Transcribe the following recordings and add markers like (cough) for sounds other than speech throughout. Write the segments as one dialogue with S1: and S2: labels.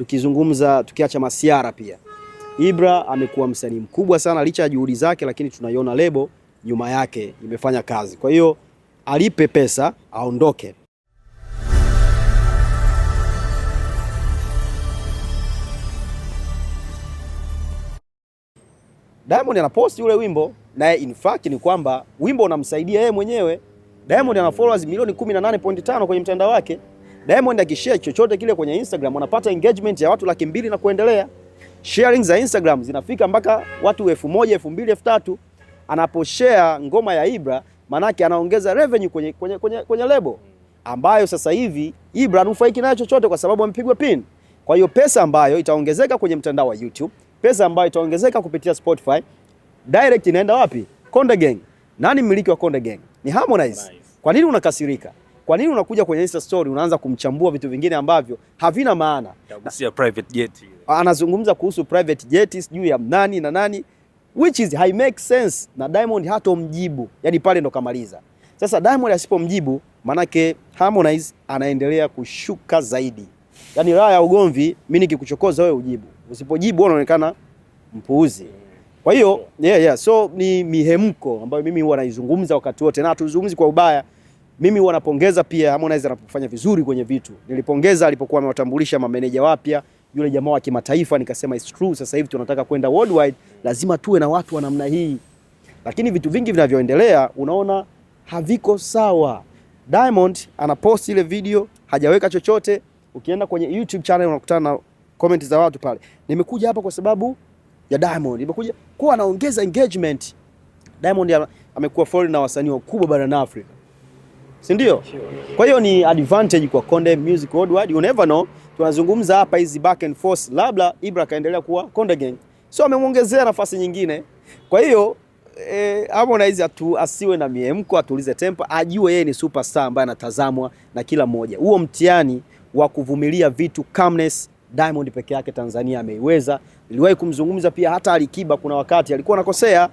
S1: tukizungumza tukiacha masiara pia Ibra amekuwa msanii mkubwa sana licha ya juhudi zake, lakini tunaiona lebo nyuma yake imefanya kazi. Kwa hiyo alipe pesa aondoke. Diamond anaposti ule wimbo naye, in fact ni kwamba wimbo unamsaidia yeye mwenyewe. Diamond ana followers milioni 18.5 kwenye mtandao wake. Diamond akishare chochote kile kwenye Instagram anapata engagement ya watu laki mbili na kuendelea. Sharing za Instagram zinafika mpaka watu elfu moja, elfu mbili, elfu tatu. Anaposhare ngoma ya Ibra, manake anaongeza revenue kwenye, kwenye, kwenye, kwenye lebo ambayo sasa hivi Ibra anufaiki nayo chochote kwa sababu amepigwa pin. Kwa hiyo pesa ambayo itaongezeka kwenye mtandao wa YouTube, pesa ambayo itaongezeka kupitia Spotify, direct inaenda wapi? Konde Gang. Nani mmiliki wa Konde Gang? Ni Harmonize. Kwa nini unakasirika? Kwa nini unakuja kwenye Insta story unaanza kumchambua vitu vingine ambavyo havina maana? Private jet anazungumza kuhusu private jet sijui ya nani na nani, which is high make sense, na Diamond mjibu. yani pale ndo kamaliza. Sasa Diamond asipomjibu, manake Harmonize anaendelea kushuka zaidi. Yani raha ya ugomvi, mimi nikikuchokoza wewe ujibu, usipojibu unaonekana mpuuzi. Kwa hiyo yeah, yeah. So ni mihemko ambayo mimi huwa naizungumza wakati wote na tuzungumzi kwa ubaya mimi wanapongeza napongeza pia Harmonize anapofanya vizuri kwenye vitu. Nilipongeza alipokuwa amewatambulisha mameneja wapya yule jamaa wa kimataifa, nikasema it's true, sasa hivi tunataka kwenda worldwide, lazima tuwe na watu wa namna hii. Lakini vitu vingi vinavyoendelea unaona haviko sawa. Diamond anapost ile video hajaweka chochote, ukienda kwenye YouTube channel unakutana na comment za watu pale, nimekuja hapa kwa sababu ya Diamond, nimekuja kwa anaongeza engagement. Diamond amekuwa foreign na wasanii wakubwa barani Afrika si ndio? Kwa hiyo ni advantage kwa Konde Music Worldwide. You never know, tunazungumza hapa hizi back and forth, labda Ibra kaendelea kuwa Konde Gang, so amemwongezea nafasi nyingine. Kwa hiyo eh, Harmonize atu, asiwe na miemko, atulize tempo, ajue yeye ni superstar ambaye anatazamwa na kila mmoja. Huo mtihani wa kuvumilia vitu calmness Diamond peke yake Tanzania ameiweza. Niliwahi kumzungumza pia hata Alikiba, kuna wakati alikuwa anakosea.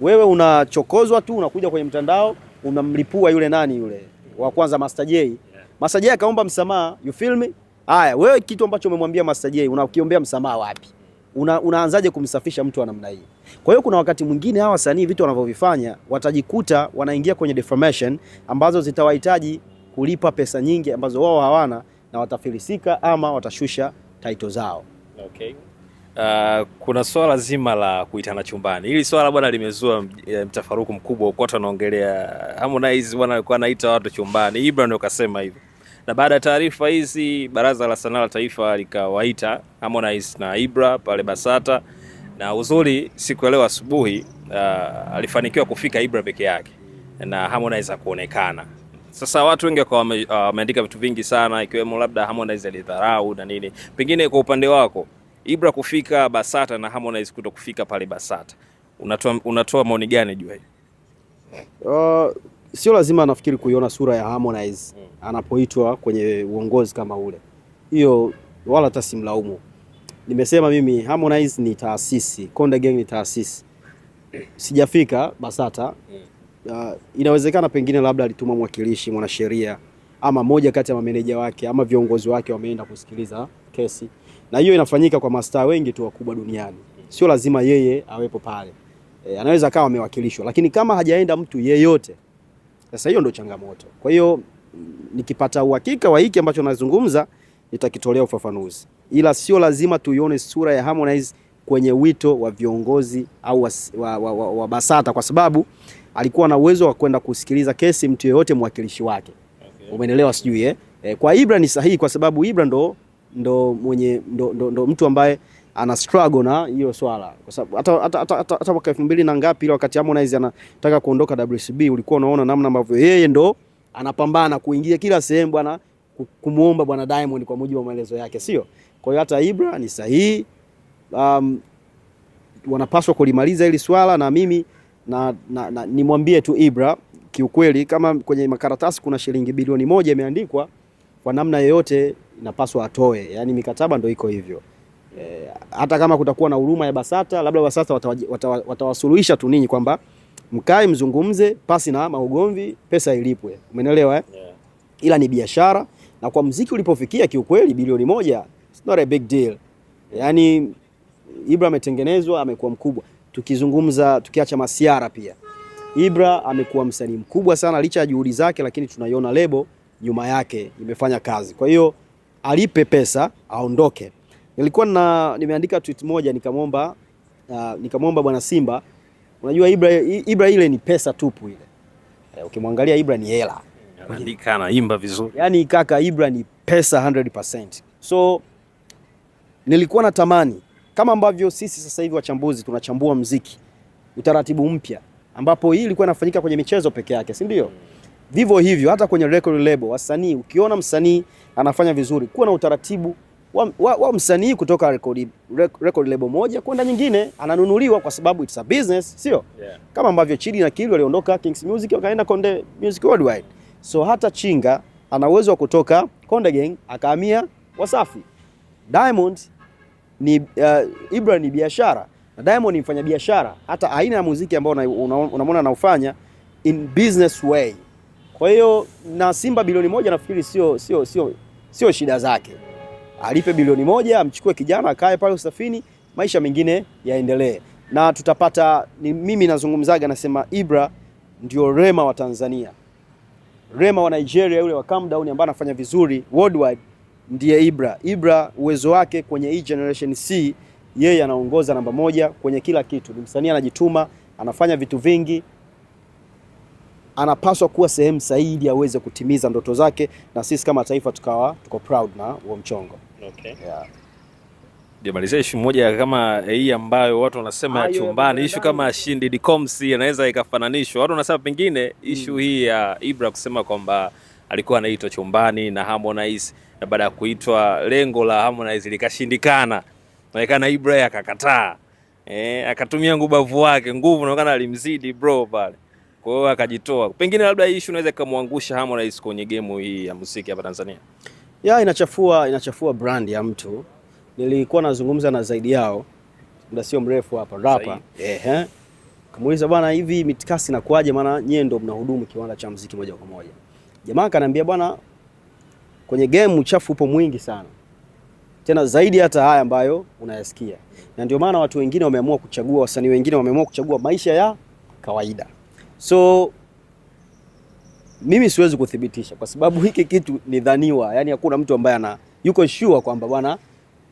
S1: Wewe unachokozwa tu unakuja kwenye mtandao unamlipua yule nani yule wa kwanza Master J. Master J akaomba msamaha, you feel me? Haya, wewe kitu ambacho umemwambia Master J unakiombea msamaha wapi? Una, unaanzaje kumsafisha mtu wa namna hii? Kwa hiyo kuna wakati mwingine hawa wasanii vitu wanavyovifanya watajikuta wanaingia kwenye defamation ambazo zitawahitaji kulipa pesa nyingi ambazo wao hawana na watafilisika ama watashusha title zao. Okay.
S2: Uh, kuna swala zima la kuitana chumbani. Hili swala bwana limezua eh, mtafaruku mkubwa, kwa watu wanaongelea uh, Harmonize bwana alikuwa anaita watu chumbani, Ibra ndio kasema hivyo. Na baada ya taarifa hizi, Baraza la Sanaa la Taifa likawaita Harmonize na Ibra pale Basata, na uzuri siku ya leo asubuhi uh, alifanikiwa kufika Ibra peke yake na Harmonize hakuonekana. Sasa watu wengi uh, wameandika uh, vitu vingi sana, ikiwemo labda Harmonize alidharau na nini. Pengine kwa upande wako Ibra kufika Basata na Harmonize kuto kufika pale Basata, unatoa unatoa maoni gani juu hiyo?
S1: Uh, sio lazima nafikiri kuiona sura ya Harmonize hmm, anapoitwa kwenye uongozi kama ule, hiyo wala hata simlaumu. Nimesema mimi Harmonize ni taasisi, Konde Gang ni taasisi. Sijafika Basata hmm. Uh, inawezekana pengine labda alituma mwakilishi mwanasheria ama moja kati ya mameneja wake ama viongozi wake wameenda kusikiliza kesi na hiyo inafanyika kwa mastaa wengi tu wakubwa duniani, sio lazima yeye awepo pale e, anaweza kawa amewakilishwa, lakini kama hajaenda mtu yeyote, sasa hiyo ndio changamoto. Kwa hiyo nikipata uhakika wa hiki ambacho nazungumza nitakitolea ufafanuzi, ila sio lazima tuione sura ya Harmonize kwenye wito wa viongozi au wa, wa, wa, wa, wa BASATA kwa sababu alikuwa na uwezo wa kwenda kusikiliza kesi mtu yeyote mwakilishi wake, okay. Umeelewa sijui eh? eh kwa Ibra ni sahihi kwa sababu Ibra ndo ndo mwenye ndo, ndo, ndo mtu ambaye ana struggle na hiyo swala kwa sababu hata hata hata mwaka 2000 na ngapi ile wakati Harmonize anataka kuondoka WCB, ulikuwa unaona namna ambavyo yeye ndo anapambana kuingia kila sehemu bwana kumuomba bwana Diamond kwa mujibu wa maelezo yake, sio? Kwa hiyo hata Ibra ni sahihi, um, wanapaswa kulimaliza hili swala, na mimi na, na, na nimwambie tu Ibra kiukweli, kama kwenye makaratasi kuna shilingi bilioni moja imeandikwa kwa namna yoyote inapaswa atoe. Yaani mikataba ndio iko hivyo e, hata kama kutakuwa na huruma ya BASATA, labda BASATA watawasuluhisha watawa watawa tu ninyi kwamba mkae mzungumze pasi na maugomvi, pesa ilipwe, umeelewa eh? Yeah. Ila ni biashara, na kwa mziki ulipofikia, kiukweli bilioni moja it's not a big deal. Yaani Ibra ametengenezwa, amekuwa mkubwa. Tukizungumza tukiacha masiara, pia Ibra amekuwa msanii mkubwa sana licha ya juhudi zake, lakini tunaiona lebo nyuma yake imefanya kazi, kwa hiyo alipe pesa aondoke. Nilikuwa na nimeandika tweet moja nikamwomba uh, nikamwomba bwana Simba, unajua Ibra, Ibra ile ni pesa tupu ile. Eh, ukimwangalia Ibra ni hela.
S2: Anaandika imba vizuri.
S1: Yaani kaka Ibra ni pesa 100%. So nilikuwa na tamani kama ambavyo sisi sasa hivi wachambuzi tunachambua mziki, utaratibu mpya ambapo hii ilikuwa inafanyika kwenye michezo peke yake, si ndio? Vivyo hivyo hata kwenye record label wasanii, ukiona msanii anafanya vizuri, kuwa na utaratibu wa, wa, wa msanii kutoka record, record label moja kwenda nyingine, ananunuliwa kwa sababu it's a business, sio yeah. Kama ambavyo Chidi na Kilu waliondoka Kings Music wakaenda Konde Music Worldwide, so hata Chinga ana uwezo wa kutoka Konde Gang akahamia Wasafi. Diamond ni uh, Ibra ni biashara na Diamond ni mfanya biashara, hata aina ya muziki ambao unamwona una, una anaufanya in business way kwa hiyo na Simba bilioni moja nafikiri sio sio sio sio shida zake, alipe bilioni moja amchukue kijana akae pale Usafini, maisha mengine yaendelee, na tutapata ni, mimi nazungumzaga nasema Ibra ndio Rema wa Tanzania, Rema wa Nigeria yule wa calm down ambaye anafanya vizuri worldwide ndiye Ibra. Ibra uwezo wake kwenye hii generation C, yeye anaongoza namba moja kwenye kila kitu. Ni msanii anajituma, anafanya vitu vingi anapaswa kuwa sehemu sahihi ili aweze kutimiza ndoto zake, na sisi kama taifa tukawa tuko proud na huo mchongo. Okay. Yeah.
S2: Jamalizia ishu moja kama eh, hii ambayo watu wanasema ya chumbani, ishu kama Shindi Dicoms inaweza ikafananishwa. Watu wanasema pengine ishu mm, hii ya Ibra kusema kwamba alikuwa anaitwa chumbani na Harmonize, na baada ya kuitwa lengo la Harmonize likashindikana, naonekana Ibra akakataa, eh, akatumia ngubavu wake, nguvu naonekana alimzidi bro pale kwa hiyo akajitoa. Pengine labda hii issue inaweza ikamwangusha Harmonize kwenye game hii ya muziki hapa Tanzania.
S1: Ya inachafua inachafua brand ya mtu. Nilikuwa nazungumza na zaidi yao muda sio mrefu hapa rapa. Ehe. Kumuuliza bwana, hivi mitikasi inakuaje? Maana nyie ndio mnahudumu kiwanda cha muziki moja kwa moja. Jamaa kananiambia bwana, kwenye game uchafu upo mwingi sana, tena zaidi hata haya ambayo unayasikia, na ndio maana watu wengine wameamua kuchagua, wasanii wengine wameamua kuchagua maisha ya kawaida So mimi siwezi kuthibitisha kwa sababu hiki kitu ni dhaniwa, yani hakuna mtu ambaye ana yuko sure kwamba bwana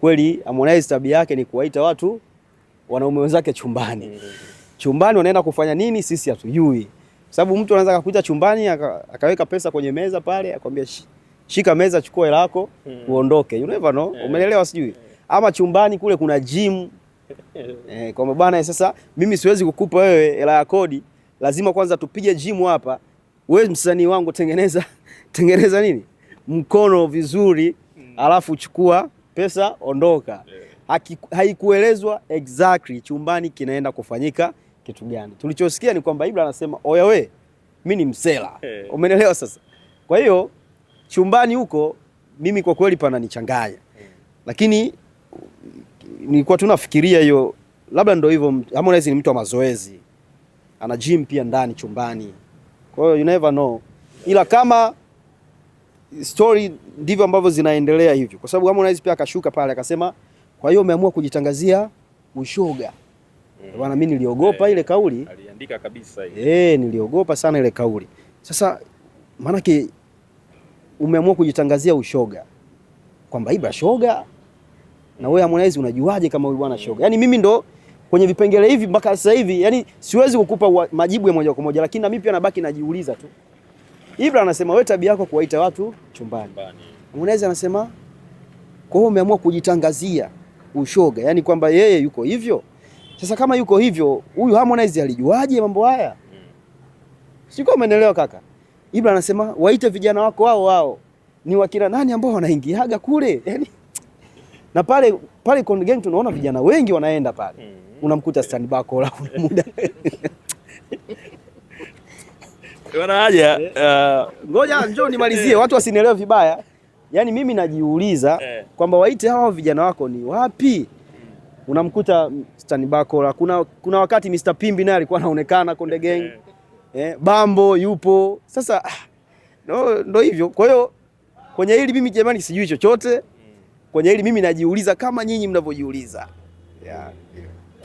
S1: kweli Harmonize tabia yake ni kuwaita watu wanaume wenzake chumbani. Mm-hmm. Chumbani wanaenda kufanya nini sisi hatujui, kwa sababu mtu anaweza akakuita chumbani akaweka pesa kwenye meza pale akwambia shika meza, chukua hela yako mm-hmm. uondoke. You never know, umeelewa? Sijui ama chumbani kule kuna gym (laughs) eh, kwa kwamba bwana, sasa mimi siwezi kukupa wewe hela ya kodi lazima kwanza tupige gym hapa. Wewe msanii wangu, tengeneza (laughs) tengeneza nini mkono vizuri, alafu chukua pesa, ondoka. Haikuelezwa exactly chumbani kinaenda kufanyika kitu gani. Tulichosikia ni kwamba Ibra anasema oya, we mimi ni msela, umeelewa? Sasa kwa hiyo chumbani huko mimi kwa kweli pananichanganya, lakini nilikuwa tunafikiria hiyo labda ndio hivyo. Harmonize ni mtu wa mazoezi ana gym pia ndani chumbani, kwa hiyo you never know, ila kama story ndivyo ambavyo zinaendelea hivyo, kwa sababu Harmonize pia akashuka pale akasema, kwa hiyo umeamua kujitangazia ushoga mm. bwana. Mimi niliogopa hey, eh, ile kauli
S2: aliandika kabisa ile
S1: eh, hey, niliogopa sana ile kauli. Sasa maanake umeamua kujitangazia ushoga kwamba iba shoga na wewe Harmonize, unajuaje kama huyu bwana shoga? Mm. Yaani mimi ndo kwenye vipengele hivi mpaka sasa hivi, yani siwezi kukupa majibu ya moja kwa moja, lakini na mimi pia nabaki najiuliza tu. Ibra anasema wewe tabia yako kuwaita watu chumbani. Muneza anasema kwa hiyo umeamua kujitangazia ushoga, yani kwamba yeye yuko hivyo. Sasa kama yuko hivyo, huyu Harmonize alijuaje mambo haya? Hmm. Siko umeelewa kaka? Ibra anasema waite vijana wako wao wao. Ni wakina nani ambao wanaingiaga kule? (laughs) Yani na pale pale Konde Gang tunaona vijana wengi wanaenda pale. Hmm unamkuta stand bako la muda
S2: Bwana (laughs) haja eh? eh. ngoja uh, njoo nimalizie watu wasinielewe vibaya. Yaani mimi najiuliza eh. kwamba waite hawa vijana wako ni wapi? Unamkuta stand bako la kuna, kuna wakati Mr Pimbi naye alikuwa anaonekana Konde Gang. Eh. Bambo yupo. Sasa ah, no, ndo hivyo. Kwa hiyo kwenye hili mimi jamani sijui chochote. Mm. Kwenye hili mimi najiuliza kama nyinyi mnavyojiuliza. Yeah.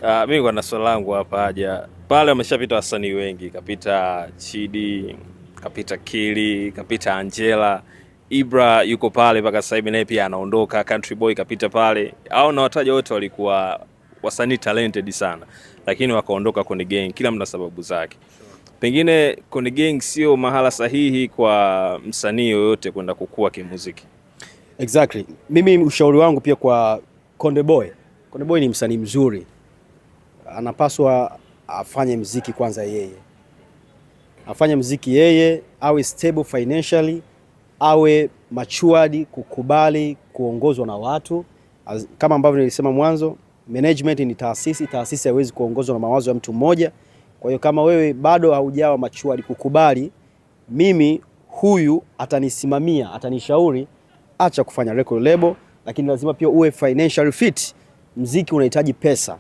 S2: Uh, mimi kwa na swali langu hapa haja pale, wameshapita wasanii wengi, kapita Chidi, kapita Kili, kapita Angela, Ibra yuko pale mpaka sasa hivi naye pia anaondoka, Country Boy kapita pale, au na wataja wote walikuwa wasanii talented sana, lakini wakaondoka kwenye gang, kila mna sababu zake. Pengine kwenye gang sio mahala sahihi kwa msanii yoyote kwenda kukua kimuziki.
S1: Exactly. Mimi ushauri wangu pia kwa Konde Boy. Konde Boy ni msanii mzuri anapaswa afanye mziki kwanza, yeye afanye mziki yeye, awe stable financially, awe matured kukubali kuongozwa na watu. Kama ambavyo nilisema mwanzo, management ni taasisi. Taasisi haiwezi kuongozwa na mawazo ya mtu mmoja. Kwa hiyo kama wewe bado haujawa matured kukubali, mimi huyu atanisimamia, atanishauri, acha kufanya record label. Lakini lazima pia uwe financially fit. Mziki unahitaji pesa.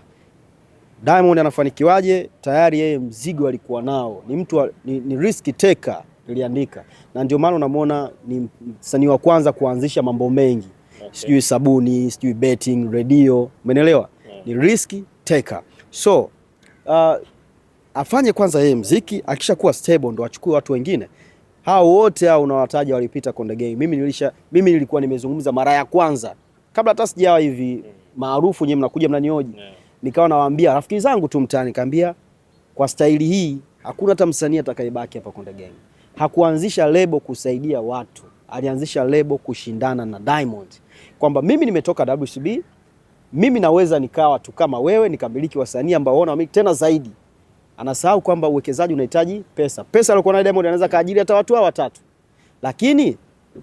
S1: Diamond anafanikiwaje? Tayari yeye mzigo alikuwa nao, ni mtu wa, ni, ni risk taker niliandika, na ndio maana unamwona ni msanii wa kwanza kuanzisha mambo mengi okay. Sijui sabuni, sijui betting, radio, umeelewa yeah. Ni risk taker so uh, afanye kwanza yeye mziki, akishakuwa stable ndo achukue watu wengine. Hao wote hao unawataja walipita Konde Gang. Mimi nilisha mimi nilikuwa nimezungumza mara ya kwanza kabla hata sijawa hivi mm. maarufu, nyewe mnakuja mnanioji yeah nikawa nawaambia rafiki zangu tu mtaani, nikaambia kwa staili hii hakuna hata msanii atakayebaki hapa Konde Gang. Hakuanzisha lebo kusaidia watu, alianzisha lebo kushindana na Diamond, kwamba mimi nimetoka WCB, mimi naweza nikawa tu kama wewe, nikamiliki wasanii ambao wana mimi tena zaidi. Anasahau kwamba uwekezaji unahitaji pesa. Pesa alikuwa nayo Diamond anaweza kaajiri hata watu hao watatu, lakini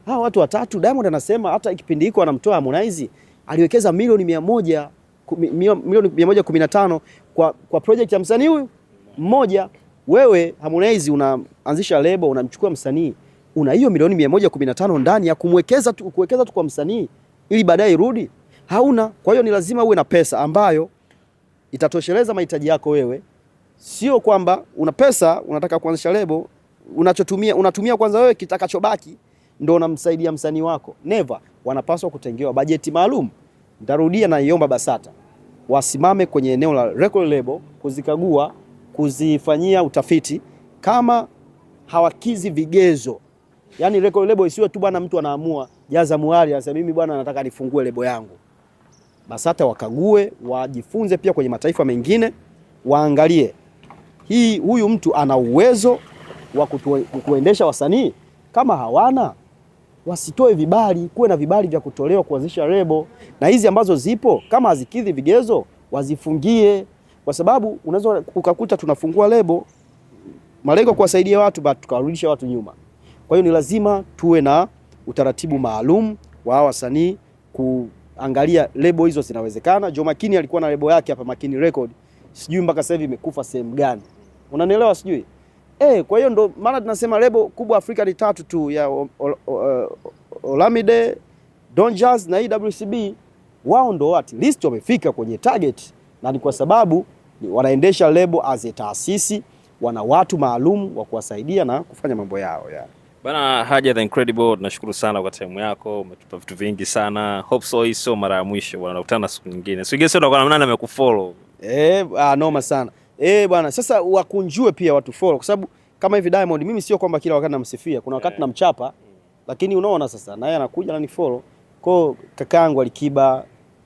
S1: hawa watu watatu Diamond anasema hata kipindi hiko anamtoa Harmonize aliwekeza milioni mia moja milioni 115 kwa, kwa project ya msanii huyu mmoja. Wewe Harmonize unaanzisha lebo, unamchukua msanii, una hiyo milioni 115 ndani ya kumwekeza tu, kuwekeza tu kwa msanii ili baadaye irudi, hauna. Kwa hiyo ni lazima uwe na pesa ambayo itatosheleza mahitaji yako wewe, sio kwamba una pesa unataka kuanzisha lebo, unachotumia unatumia kwanza wewe, kitakachobaki ndo unamsaidia msanii wako. Never, wanapaswa kutengewa bajeti maalum. Nitarudia na iomba BASATA wasimame kwenye eneo la record label kuzikagua, kuzifanyia utafiti kama hawakizi vigezo. Yaani record label isiwe tu bwana mtu anaamua jaza muhari, anasema mimi bwana nataka nifungue lebo yangu. BASATA wakague, wajifunze pia kwenye mataifa mengine, waangalie hii huyu mtu ana uwezo wa kuendesha wasanii, kama hawana wasitoe vibali, kuwe na vibali vya kutolewa kuanzisha lebo, na hizi ambazo zipo kama hazikidhi vigezo wazifungie, kwa sababu unaweza ukakuta tunafungua lebo malengo kuwasaidia watu bado tukawarudisha watu nyuma. Kwa hiyo ni lazima tuwe na utaratibu maalum wa wasanii kuangalia lebo hizo zinawezekana. Jo Makini alikuwa na lebo yake hapa Makini Record, sijui mpaka sasa hivi imekufa sehemu gani, unanielewa? Sijui Eh, kwa hiyo ndo maana tunasema lebo kubwa Afrika ni tatu tu ya Olamide, Donjaz na EWCB. Wao ndo at least wamefika kwenye target, na ni kwa sababu wanaendesha lebo as a taasisi, wana watu maalum wa kuwasaidia na kufanya mambo yao ya.
S2: Bana Haja the Incredible, tunashukuru sana kwa time yako, umetupa vitu vingi sana. Hope so hii sio mara ya mwisho, bwana, siku nyingine. Sio gesi, na nani amekufollow?
S1: Eh, ah, noma sana. Eh, bwana, sasa wakunjue pia watu follow kwa sababu kama hivi Diamond mimi sio kwamba kila wakati namsifia, kuna wakati yeah, namchapa, lakini unaona sasa na yeye anakuja na ni follow. Kwa hiyo kakaangu Alikiba,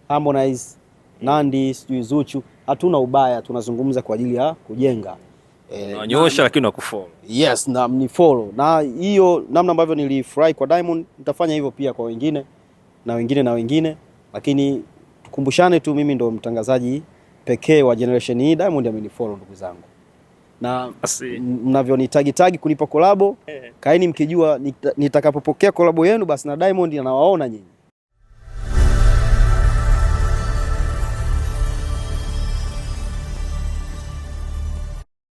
S1: Harmonize, mm. Nandi, sijui Zuchu, hatuna ubaya, tunazungumza kwa ajili ya kujenga.
S2: Eh, unanyosha lakini unakufollow.
S1: Yes, na ni follow. Na hiyo namna ambavyo nilifurahi kwa Diamond, nitafanya hivyo pia kwa wengine na wengine na wengine, lakini tukumbushane tu mimi ndo mtangazaji pekee wa generation hii e, Diamond amenifollow ndugu zangu, na mnavyonitagi tagi kunipa kolabo, eh. kaini mkijua nitakapopokea kolabo yenu basi na Diamond anawaona nyinyi.